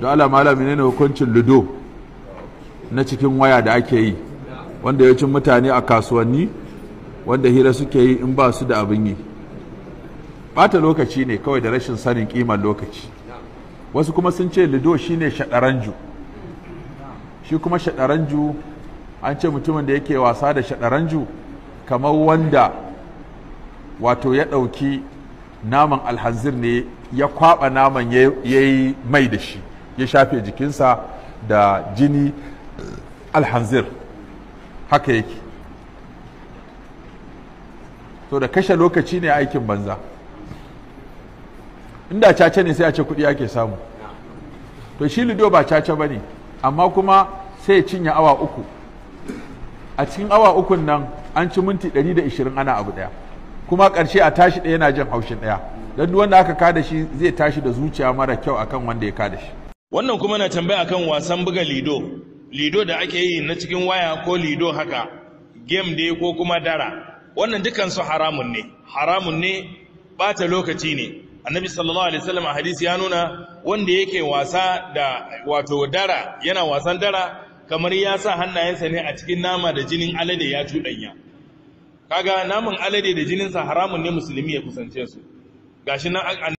da Allah malami ne hukuncin ludo na cikin waya da ake yi wanda ya yawancin mutane a kasuwanni wanda hira suke yi in ba su da abin yi bata lokaci ne kawai da rashin sanin kimar lokaci wasu kuma sun ce ludo shine shaɗaranju shi kuma shaɗaranju an ce mutumin da yake wasa da shaɗaranju kamar wanda wato ya ɗauki naman alhanzir ne ya kwaɓa naman ya yi mai da shi ya shafe jikinsa da jini eh, alhanzir haka yake to da kashe lokaci ne aikin banza inda caca ne sai a ce kuɗi ake samu to shi lido ba caca ba ne amma kuma sai cinye awa uku a cikin awa ukun nan an ci minti 120 ana abu daya, kuma ƙarshe a tashi ɗaya yana jin haushin ɗaya don duk wanda aka kada shi zai tashi da zuciya mara kyau akan wanda ya kada shi wannan kuma na tambaya kan wasan buga lido lido da ake yi na cikin waya ko lido haka game dai ko kuma dara wannan dukansu haramun ne haramun ne bata lokaci ne annabi sallallahu alaihi wasallam hadisi ya nuna wanda yake wasa da wato dara yana wasan dara kamar ya sa hannayensa ne a cikin nama da jinin alade ya cuɗanya kaga naman alade da jininsa haramun ne musulmi ya kusance su gashi nan